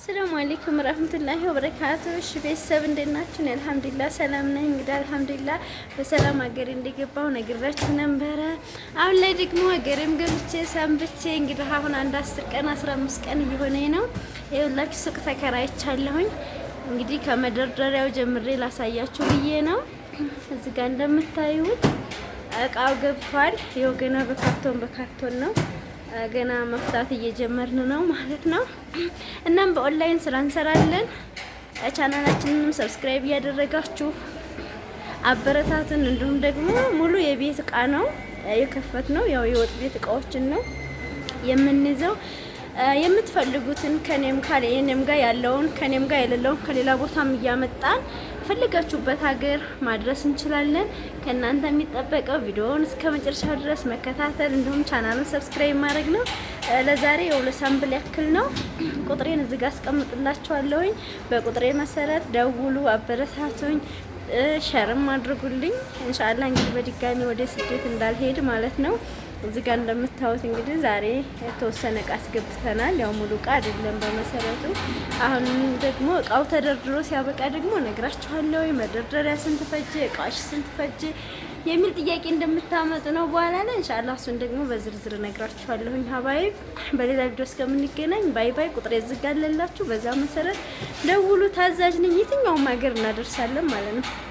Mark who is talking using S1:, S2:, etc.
S1: አሰላሙ አለይኩም ረህመቱላሂ ወበረካቱ። እሺ ቤተሰብ እንዴት ናችሁ? አልሐምዱሊላህ ሰላም ነኝ። እንግዲህ አልሐምዱሊላህ በሰላም ሀገሬ እንደገባሁ ነግራችሁ ነበረ። አሁን ላይ ደግሞ ሀገሬም ገብቼ ሰንብቼ እንግዲህ አሁን አንድ አስር ቀን አስራ አምስት ቀን እየሆነኝ ነው። ይኸውላችሁ ሱቅ ተከራይቻለሁኝ። እንግዲህ ከመደርደሪያው ጀምሬ ላሳያችሁ ብዬ ነው። እዚህ ጋር እንደምታዩት እቃው ገብቷል። የወገና በካርቶን በካርቶን ነው ገና መፍታት እየጀመርን ነው ማለት ነው። እናም በኦንላይን ስራ እንሰራለን። ቻናላችንንም ሰብስክራይብ እያደረጋችሁ አበረታትን። እንዲሁም ደግሞ ሙሉ የቤት እቃ ነው የከፈት ነው ያው የወጥ ቤት እቃዎችን ነው የምንይዘው። የምትፈልጉትን ከኔም ካለ የኔም ጋር ያለውን ከኔም ጋር የሌለውን ከሌላ ቦታም እያመጣን ፈልጋችሁበት ሀገር ማድረስ እንችላለን። ከእናንተ የሚጠበቀው ቪዲዮውን እስከ መጨረሻ ድረስ መከታተል እንዲሁም ቻናሉን ሰብስክራይብ ማድረግ ነው። ለዛሬ የሁለት ሳምፕል ያክል ነው። ቁጥሬን እዚህ ጋር አስቀምጥላችኋለሁኝ። በቁጥሬ መሰረት ደውሉ፣ አበረታቱኝ፣ ሸርም አድርጉልኝ። እንሻላ እንግዲህ በድጋሚ ወደ ስደት እንዳልሄድ ማለት ነው። እዚህ ጋር እንደምታዩት እንግዲህ ዛሬ የተወሰነ እቃ አስገብተናል። ያው ሙሉ እቃ አይደለም በመሰረቱ። አሁን ደግሞ እቃው ተደርድሮ ሲያበቃ ደግሞ ነግራችኋለሁ። መደርደሪያ ስንት ፈጀ፣ እቃዎች ስንት ፈጀ የሚል ጥያቄ እንደምታመጡ ነው በኋላ ላይ እንሻላ። እሱን ደግሞ በዝርዝር ነግራችኋለሁኝ። ሀባይ በሌላ ቪዲዮ እስከምንገናኝ ባይ ባይ። ቁጥር የዝጋለላችሁ በዛ መሰረት ደውሉ። ታዛዥ ነኝ። የትኛውም ሀገር እናደርሳለን ማለት ነው።